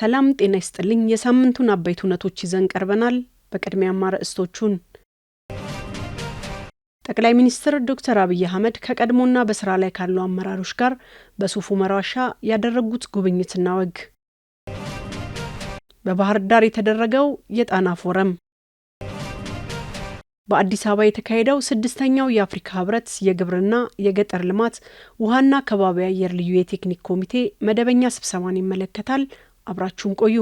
ሰላም ጤና ይስጥልኝ። የሳምንቱን አበይት ሁነቶች ይዘን ቀርበናል። በቅድሚያም አርዕስቶቹን ጠቅላይ ሚኒስትር ዶክተር አብይ አህመድ ከቀድሞና በስራ ላይ ካሉ አመራሮች ጋር በሱፍ ኡመር ዋሻ ያደረጉት ጉብኝትና ወግ፣ በባህር ዳር የተደረገው የጣና ፎረም፣ በአዲስ አበባ የተካሄደው ስድስተኛው የአፍሪካ ህብረት የግብርና የገጠር ልማት ውሃና ከባቢ አየር ልዩ የቴክኒክ ኮሚቴ መደበኛ ስብሰባን ይመለከታል። አብራችሁን ቆዩ።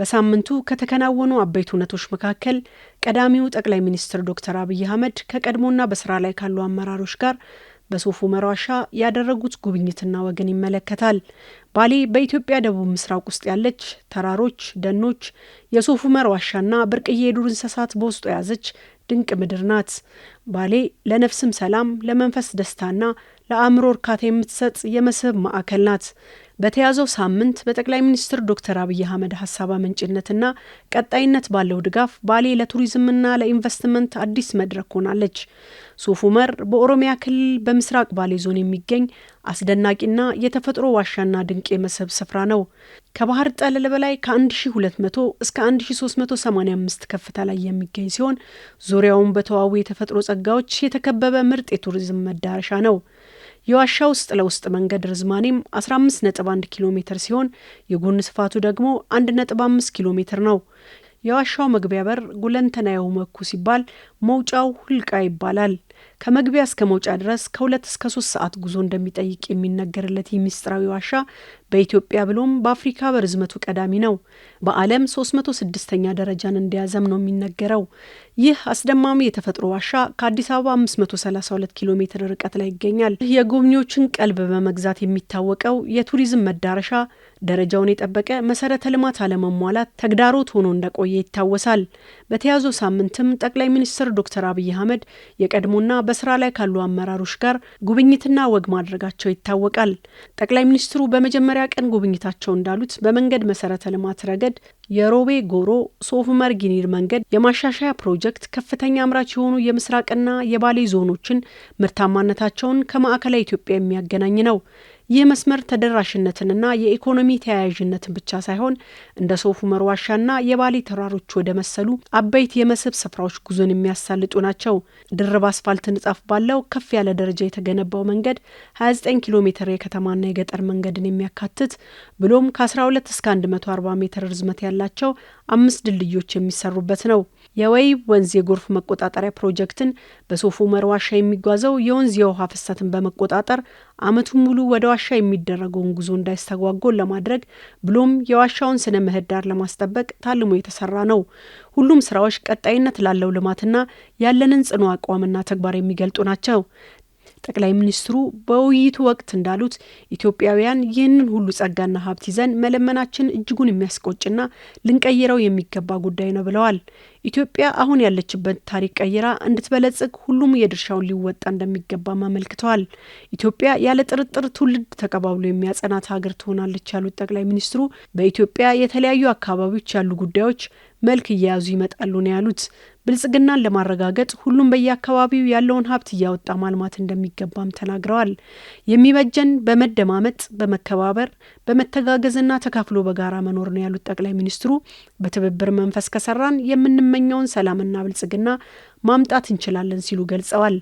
በሳምንቱ ከተከናወኑ አበይት እውነቶች መካከል ቀዳሚው ጠቅላይ ሚኒስትር ዶክተር አብይ አህመድ ከቀድሞና በስራ ላይ ካሉ አመራሮች ጋር በሶፍ ኡመር ዋሻ ያደረጉት ጉብኝትና ወግን ይመለከታል። ባሌ በኢትዮጵያ ደቡብ ምስራቅ ውስጥ ያለች ተራሮች፣ ደኖች፣ የሶፍ ኡመር ዋሻና ብርቅዬ የዱር እንስሳት በውስጡ የያዘች ድንቅ ምድር ናት። ባሌ ለነፍስም ሰላም፣ ለመንፈስ ደስታና ለአእምሮ እርካታ የምትሰጥ የመስህብ ማዕከል ናት። በተያዘው ሳምንት በጠቅላይ ሚኒስትር ዶክተር አብይ አህመድ ሀሳብ አመንጭነትና ቀጣይነት ባለው ድጋፍ ባሌ ለቱሪዝምና ለኢንቨስትመንት አዲስ መድረክ ሆናለች። ሱፉ ኡመር በኦሮሚያ ክልል በምስራቅ ባሌ ዞን የሚገኝ አስደናቂና የተፈጥሮ ዋሻና ድንቅ የመስህብ ስፍራ ነው። ከባህር ጠለል በላይ ከ1200 እስከ 1385 ከፍታ ላይ የሚገኝ ሲሆን ዙሪያውን በተዋቡ የተፈጥሮ ጸጋዎች የተከበበ ምርጥ የቱሪዝም መዳረሻ ነው። የዋሻ ውስጥ ለውስጥ መንገድ ርዝማኔም 15.1 ኪሎ ሜትር ሲሆን የጎን ስፋቱ ደግሞ 1.5 ኪሎ ሜትር ነው። የዋሻው መግቢያ በር ጉለንተናየሁ መኩ ሲባል መውጫው ሁልቃ ይባላል። ከመግቢያ እስከ መውጫ ድረስ ከሁለት እስከ ሶስት ሰዓት ጉዞ እንደሚጠይቅ የሚነገርለት ይህ ምስጢራዊ ዋሻ በኢትዮጵያ ብሎም በአፍሪካ በርዝመቱ ቀዳሚ ነው። በዓለም መቶ ኛ ደረጃን እንደያዘም ነው የሚነገረው። ይህ አስደማሚ የተፈጥሮ ዋሻ ከአዲስ አበባ 532 ኪሎ ሜትር ርቀት ላይ ይገኛል። ይህ የጎብኚዎችን ቀልብ በመግዛት የሚታወቀው የቱሪዝም መዳረሻ ደረጃውን የጠበቀ መሰረተ ልማት አለመሟላት ተግዳሮት ሆኖ እንደቆየ ይታወሳል። በተያዘው ሳምንትም ጠቅላይ ሚኒስትር ዶክተር አብይ አህመድ የቀድሞና በስራ ላይ ካሉ አመራሮች ጋር ጉብኝትና ወግ ማድረጋቸው ይታወቃል። ጠቅላይ ሚኒስትሩ በመጀመሪያ ቀን ጉብኝታቸው እንዳሉት በመንገድ መሰረተ ልማት ረገድ የሮቤ ጎሮ ሶፍመር ጊኒር መንገድ የማሻሻያ ፕሮጀክት ከፍተኛ አምራች የሆኑ የምስራቅና የባሌ ዞኖችን ምርታማነታቸውን ከማዕከላዊ ኢትዮጵያ የሚያገናኝ ነው። የመስመር ተደራሽነትንና የኢኮኖሚ ተያያዥነትን ብቻ ሳይሆን እንደ ሶፍ ዑመር ዋሻና የባሌ ተራሮች ወደ መሰሉ አበይት የመስህብ ስፍራዎች ጉዞን የሚያሳልጡ ናቸው። ድርብ አስፋልት ንጣፍ ባለው ከፍ ያለ ደረጃ የተገነባው መንገድ 29 ኪሎ ሜትር የከተማና የገጠር መንገድን የሚያካትት ብሎም ከ12 እስከ 140 ሜትር ርዝመት ያላቸው አምስት ድልድዮች የሚሰሩበት ነው። የወይብ ወንዝ የጎርፍ መቆጣጠሪያ ፕሮጀክትን በሶፍ ኡመር ዋሻ የሚጓዘው የወንዝ የውሃ ፍሰትን በመቆጣጠር ዓመቱን ሙሉ ወደ ዋሻ የሚደረገውን ጉዞ እንዳይስተጓጎል ለማድረግ ብሎም የዋሻውን ስነ ምህዳር ለማስጠበቅ ታልሞ የተሰራ ነው። ሁሉም ስራዎች ቀጣይነት ላለው ልማትና ያለንን ጽኑ አቋምና ተግባር የሚገልጡ ናቸው። ጠቅላይ ሚኒስትሩ በውይይቱ ወቅት እንዳሉት ኢትዮጵያውያን ይህንን ሁሉ ጸጋና ሀብት ይዘን መለመናችን እጅጉን የሚያስቆጭና ልንቀይረው የሚገባ ጉዳይ ነው ብለዋል። ኢትዮጵያ አሁን ያለችበት ታሪክ ቀይራ እንድትበለጽግ ሁሉም የድርሻውን ሊወጣ እንደሚገባም አመልክተዋል። ኢትዮጵያ ያለ ጥርጥር ትውልድ ተቀባብሎ የሚያጸናት ሀገር ትሆናለች ያሉት ጠቅላይ ሚኒስትሩ በኢትዮጵያ የተለያዩ አካባቢዎች ያሉ ጉዳዮች መልክ እየያዙ ይመጣሉ ነው ያሉት። ብልጽግናን ለማረጋገጥ ሁሉም በየአካባቢው ያለውን ሀብት እያወጣ ማልማት እንደሚገባም ተናግረዋል። የሚበጀን በመደማመጥ በመከባበር፣ በመተጋገዝና ተካፍሎ በጋራ መኖር ነው ያሉት ጠቅላይ ሚኒስትሩ በትብብር መንፈስ ከሰራን የምንመኘውን ሰላምና ብልጽግና ማምጣት እንችላለን ሲሉ ገልጸዋል።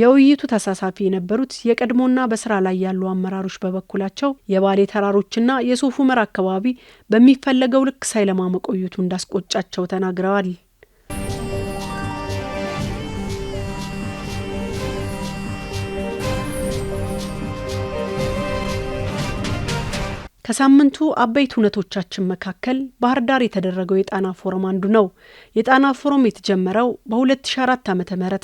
የውይይቱ ተሳሳፊ የነበሩት የቀድሞና በስራ ላይ ያሉ አመራሮች በበኩላቸው የባሌ ተራሮችና የሶፍ ዑመር አካባቢ በሚፈለገው ልክ ሳይለማ መቆየቱ እንዳስቆጫቸው ተናግረዋል። ከሳምንቱ አበይት እውነቶቻችን መካከል ባህር ዳር የተደረገው የጣና ፎረም አንዱ ነው። የጣና ፎረም የተጀመረው በ2004 ዓ ም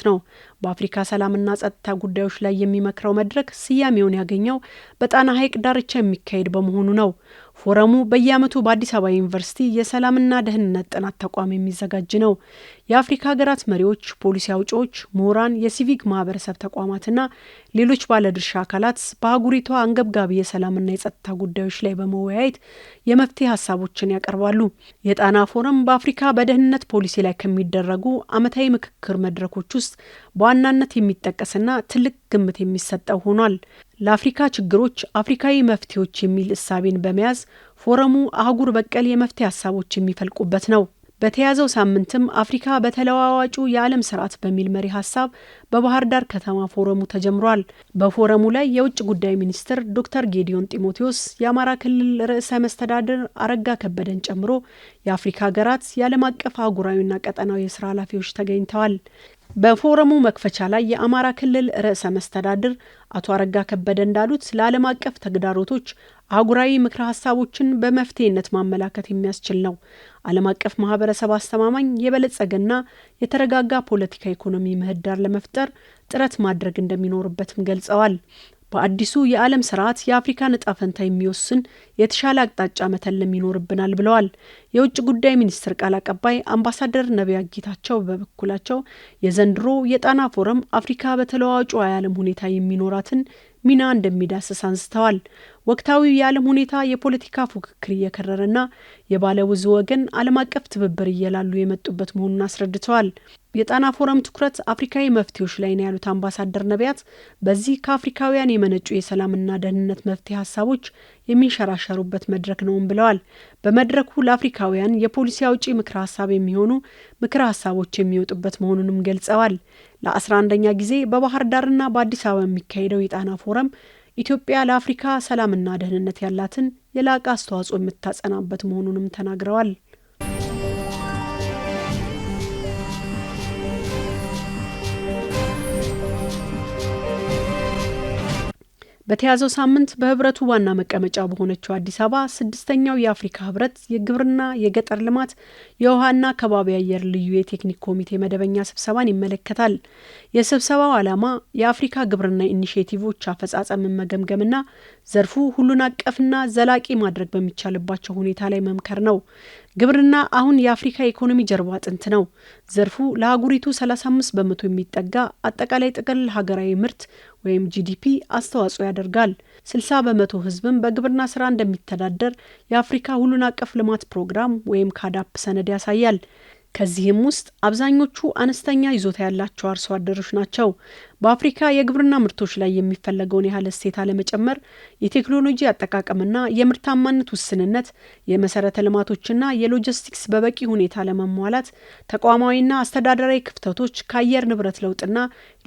ነው። በአፍሪካ ሰላምና ጸጥታ ጉዳዮች ላይ የሚመክረው መድረክ ስያሜውን ያገኘው በጣና ሐይቅ ዳርቻ የሚካሄድ በመሆኑ ነው። ፎረሙ በየዓመቱ በአዲስ አበባ ዩኒቨርሲቲ የሰላምና ደህንነት ጥናት ተቋም የሚዘጋጅ ነው። የአፍሪካ ሀገራት መሪዎች፣ ፖሊሲ አውጪዎች፣ ምሁራን፣ የሲቪክ ማህበረሰብ ተቋማትና ሌሎች ባለድርሻ አካላት በአህጉሪቷ አንገብጋቢ የሰላምና የጸጥታ ጉዳዮች ላይ በመወያየት የመፍትሄ ሀሳቦችን ያቀርባሉ። የጣና ፎረም በአፍሪካ በደህንነት ፖሊሲ ላይ ከሚደረጉ ዓመታዊ ምክክር መድረኮች ውስጥ በዋናነት የሚጠቀስና ትልቅ ግምት የሚሰጠው ሆኗል። ለአፍሪካ ችግሮች አፍሪካዊ መፍትሄዎች የሚል እሳቤን በመያዝ ፎረሙ አህጉር በቀል የመፍትሄ ሀሳቦች የሚፈልቁበት ነው። በተያዘው ሳምንትም አፍሪካ በተለዋዋጩ የዓለም ስርዓት በሚል መሪ ሀሳብ በባህር ዳር ከተማ ፎረሙ ተጀምሯል። በፎረሙ ላይ የውጭ ጉዳይ ሚኒስትር ዶክተር ጌዲዮን ጢሞቴዎስ፣ የአማራ ክልል ርዕሰ መስተዳድር አረጋ ከበደን ጨምሮ የአፍሪካ ሀገራት የዓለም አቀፍ አህጉራዊና ቀጠናዊ የስራ ኃላፊዎች ተገኝተዋል። በፎረሙ መክፈቻ ላይ የአማራ ክልል ርዕሰ መስተዳድር አቶ አረጋ ከበደ እንዳሉት ለዓለም አቀፍ ተግዳሮቶች አጉራዊ ምክረ ሀሳቦችን በመፍትሄነት ማመላከት የሚያስችል ነው። ዓለም አቀፍ ማህበረሰብ አስተማማኝ የበለጸገና የተረጋጋ ፖለቲካ ኢኮኖሚ ምህዳር ለመፍጠር ጥረት ማድረግ እንደሚኖርበትም ገልጸዋል። በአዲሱ የዓለም ስርዓት የአፍሪካን እጣ ፈንታ የሚወስን የተሻለ አቅጣጫ መተለም ይኖርብናል ብለዋል። የውጭ ጉዳይ ሚኒስትር ቃል አቀባይ አምባሳደር ነቢያ ጌታቸው በበኩላቸው የዘንድሮ የጣና ፎረም አፍሪካ በተለዋዋጩ የዓለም ሁኔታ የሚኖራትን ሚና እንደሚዳስስ አንስተዋል። ወቅታዊ የዓለም ሁኔታ የፖለቲካ ፉክክር እየከረረና የባለብዙ ወገን ዓለም አቀፍ ትብብር እየላሉ የመጡበት መሆኑን አስረድተዋል። የጣና ፎረም ትኩረት አፍሪካዊ መፍትሄዎች ላይ ነው ያሉት አምባሳደር ነቢያት በዚህ ከአፍሪካውያን የመነጩ የሰላምና ደህንነት መፍትሄ ሀሳቦች የሚንሸራሸሩበት መድረክ ነውም ብለዋል። በመድረኩ ለአፍሪካውያን የፖሊሲ አውጪ ምክረ ሀሳብ የሚሆኑ ምክረ ሀሳቦች የሚወጡበት መሆኑንም ገልጸዋል። ለአስራ አንደኛ ጊዜ በባህር ዳርና በአዲስ አበባ የሚካሄደው የጣና ፎረም ኢትዮጵያ ለአፍሪካ ሰላምና ደህንነት ያላትን የላቀ አስተዋጽኦ የምታጸናበት መሆኑንም ተናግረዋል። በተያዘው ሳምንት በህብረቱ ዋና መቀመጫ በሆነችው አዲስ አበባ ስድስተኛው የአፍሪካ ህብረት የግብርና፣ የገጠር ልማት፣ የውሃና ከባቢ አየር ልዩ የቴክኒክ ኮሚቴ መደበኛ ስብሰባን ይመለከታል። የስብሰባው ዓላማ የአፍሪካ ግብርና ኢኒሽቲቮች አፈጻጸምን መገምገምና ዘርፉ ሁሉን አቀፍና ዘላቂ ማድረግ በሚቻልባቸው ሁኔታ ላይ መምከር ነው። ግብርና አሁን የአፍሪካ ኢኮኖሚ ጀርባ አጥንት ነው። ዘርፉ ለአህጉሪቱ 35 በመቶ የሚጠጋ አጠቃላይ ጥቅል ሀገራዊ ምርት ወይም ጂዲፒ አስተዋጽኦ ያደርጋል። 60 በመቶ ህዝብም በግብርና ስራ እንደሚተዳደር የአፍሪካ ሁሉን አቀፍ ልማት ፕሮግራም ወይም ካዳፕ ሰነድ ያሳያል። ከዚህም ውስጥ አብዛኞቹ አነስተኛ ይዞታ ያላቸው አርሶ አደሮች ናቸው። በአፍሪካ የግብርና ምርቶች ላይ የሚፈለገውን ያህል እሴት አለመጨመር፣ የቴክኖሎጂ አጠቃቀምና የምርታማነት ውስንነት፣ የመሰረተ ልማቶችና የሎጂስቲክስ በበቂ ሁኔታ ለመሟላት፣ ተቋማዊና አስተዳደራዊ ክፍተቶች ከአየር ንብረት ለውጥና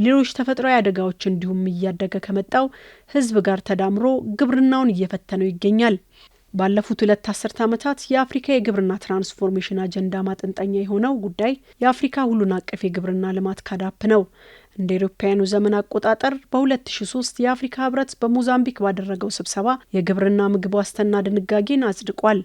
ሌሎች ተፈጥሯዊ አደጋዎች እንዲሁም እያደገ ከመጣው ህዝብ ጋር ተዳምሮ ግብርናውን እየፈተነው ይገኛል። ባለፉት ሁለት አስርተ ዓመታት የአፍሪካ የግብርና ትራንስፎርሜሽን አጀንዳ ማጠንጠኛ የሆነው ጉዳይ የአፍሪካ ሁሉን አቀፍ የግብርና ልማት ካዳፕ ነው። እንደ አውሮፓውያኑ ዘመን አቆጣጠር በ2003 የአፍሪካ ህብረት በሞዛምቢክ ባደረገው ስብሰባ የግብርና ምግብ ዋስትና ድንጋጌን አጽድቋል።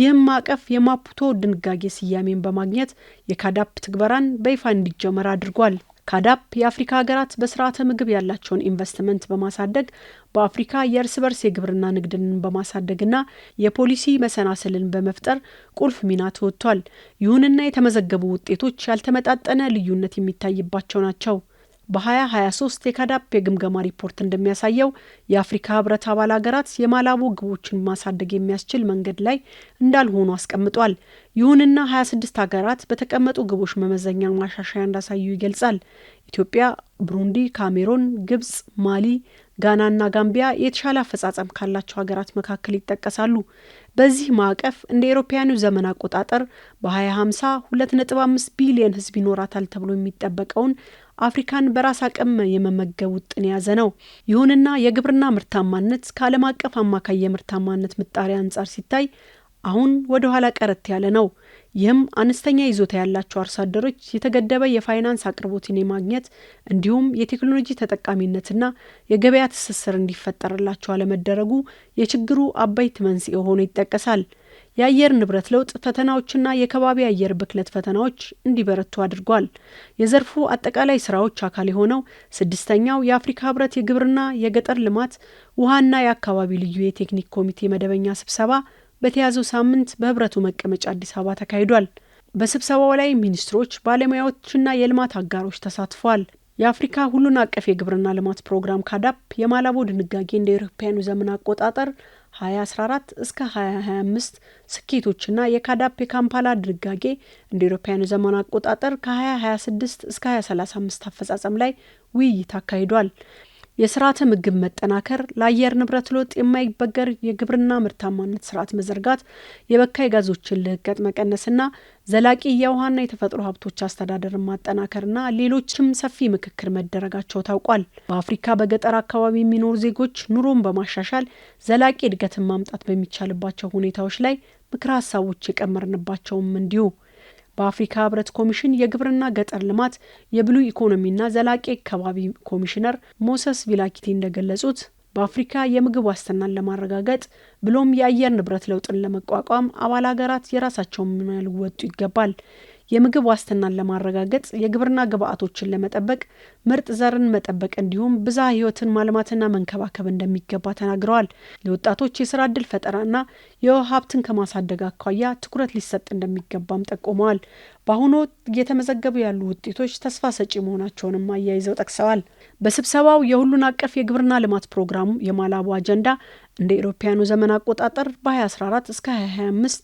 ይህም ማዕቀፍ የማፑቶ ድንጋጌ ስያሜን በማግኘት የካዳፕ ትግበራን በይፋ እንዲጀመር አድርጓል። ካዳፕ የአፍሪካ ሀገራት በስርዓተ ምግብ ያላቸውን ኢንቨስትመንት በማሳደግ በአፍሪካ የእርስ በርስ የግብርና ንግድን በማሳደግና የፖሊሲ መሰናስልን በመፍጠር ቁልፍ ሚና ተወጥቷል። ይሁንና የተመዘገቡ ውጤቶች ያልተመጣጠነ ልዩነት የሚታይባቸው ናቸው። በ2023 የካዳፕ የግምገማ ሪፖርት እንደሚያሳየው የአፍሪካ ህብረት አባል ሀገራት የማላቦ ግቦችን ማሳደግ የሚያስችል መንገድ ላይ እንዳልሆኑ አስቀምጧል። ይሁንና 26 ሀገራት በተቀመጡ ግቦች መመዘኛ ማሻሻያ እንዳሳዩ ይገልጻል። ኢትዮጵያ፣ ብሩንዲ፣ ካሜሮን፣ ግብጽ፣ ማሊ፣ ጋናና ጋምቢያ የተሻለ አፈጻጸም ካላቸው ሀገራት መካከል ይጠቀሳሉ። በዚህ ማዕቀፍ እንደ ኤሮፓያኑ ዘመን አቆጣጠር በ2050 2.5 ቢሊየን ሕዝብ ይኖራታል ተብሎ የሚጠበቀውን አፍሪካን በራስ አቅም የመመገብ ውጥን የያዘ ነው። ይሁንና የግብርና ምርታማነት ከዓለም አቀፍ አማካይ የምርታማነት ምጣሪ አንጻር ሲታይ አሁን ወደ ኋላ ቀረት ያለ ነው። ይህም አነስተኛ ይዞታ ያላቸው አርሶ አደሮች የተገደበ የፋይናንስ አቅርቦትን የማግኘት እንዲሁም የቴክኖሎጂ ተጠቃሚነትና የገበያ ትስስር እንዲፈጠርላቸው አለመደረጉ የችግሩ አበይት መንስኤ ሆኖ ይጠቀሳል። የአየር ንብረት ለውጥ ፈተናዎችና የከባቢ አየር ብክለት ፈተናዎች እንዲበረቱ አድርጓል። የዘርፉ አጠቃላይ ስራዎች አካል የሆነው ስድስተኛው የአፍሪካ ህብረት የግብርና የገጠር ልማት ውሃና የአካባቢ ልዩ የቴክኒክ ኮሚቴ መደበኛ ስብሰባ በተያዘው ሳምንት በህብረቱ መቀመጫ አዲስ አበባ ተካሂዷል። በስብሰባው ላይ ሚኒስትሮች፣ ባለሙያዎችና የልማት አጋሮች ተሳትፈዋል። የአፍሪካ ሁሉን አቀፍ የግብርና ልማት ፕሮግራም ካዳፕ የማላቦ ድንጋጌ እንደ ኤሮፓያኑ ዘመን አቆጣጠር 2014 እስከ 2025 ስኬቶችና የካዳፕ የካምፓላ ድንጋጌ እንደ ኤሮፓያኑ ዘመን አቆጣጠር ከ2026 እስከ 2035 አፈጻጸም ላይ ውይይት አካሂዷል። የስርዓተ ምግብ መጠናከር፣ ለአየር ንብረት ለውጥ የማይበገር የግብርና ምርታማነት ስርዓት መዘርጋት፣ የበካይ ጋዞችን ልህቀት መቀነስና ዘላቂ የውሃና የተፈጥሮ ሀብቶች አስተዳደር ማጠናከርና ሌሎችም ሰፊ ምክክር መደረጋቸው ታውቋል። በአፍሪካ በገጠር አካባቢ የሚኖሩ ዜጎች ኑሮን በማሻሻል ዘላቂ እድገትን ማምጣት በሚቻልባቸው ሁኔታዎች ላይ ምክረ ሀሳቦች የቀመርንባቸውም እንዲሁ በአፍሪካ ህብረት ኮሚሽን የግብርና ገጠር ልማት የብሉ ኢኮኖሚና ዘላቂ አካባቢ ኮሚሽነር ሞሰስ ቪላኪቲ እንደገለጹት በአፍሪካ የምግብ ዋስትናን ለማረጋገጥ ብሎም የአየር ንብረት ለውጥን ለመቋቋም አባል ሀገራት የራሳቸውን ሚና ሊወጡ ይገባል። የምግብ ዋስትናን ለማረጋገጥ የግብርና ግብዓቶችን ለመጠበቅ ምርጥ ዘርን መጠበቅ እንዲሁም ብዝሃ ህይወትን ማልማትና መንከባከብ እንደሚገባ ተናግረዋል። ለወጣቶች የስራ ዕድል ፈጠራና የውሃ ሀብትን ከማሳደግ አኳያ ትኩረት ሊሰጥ እንደሚገባም ጠቁመዋል። በአሁኑ ወቅት እየተመዘገቡ ያሉ ውጤቶች ተስፋ ሰጪ መሆናቸውንም አያይዘው ጠቅሰዋል። በስብሰባው የሁሉን አቀፍ የግብርና ልማት ፕሮግራሙ የማላቡ አጀንዳ እንደ ኢሮፓያኑ ዘመን አቆጣጠር በ2014 እስከ 2025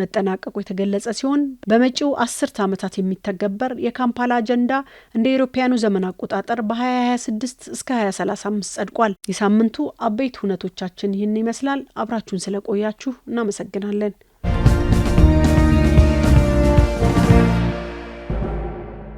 መጠናቀቁ የተገለጸ ሲሆን በመጪው አስርት ዓመታት የሚተገበር የካምፓላ አጀንዳ እንደ አውሮፓውያኑ ዘመን አቆጣጠር በ2026 እስከ 2035 ጸድቋል። የሳምንቱ አበይት ሁነቶቻችን ይህን ይመስላል። አብራችሁን ስለቆያችሁ እናመሰግናለን።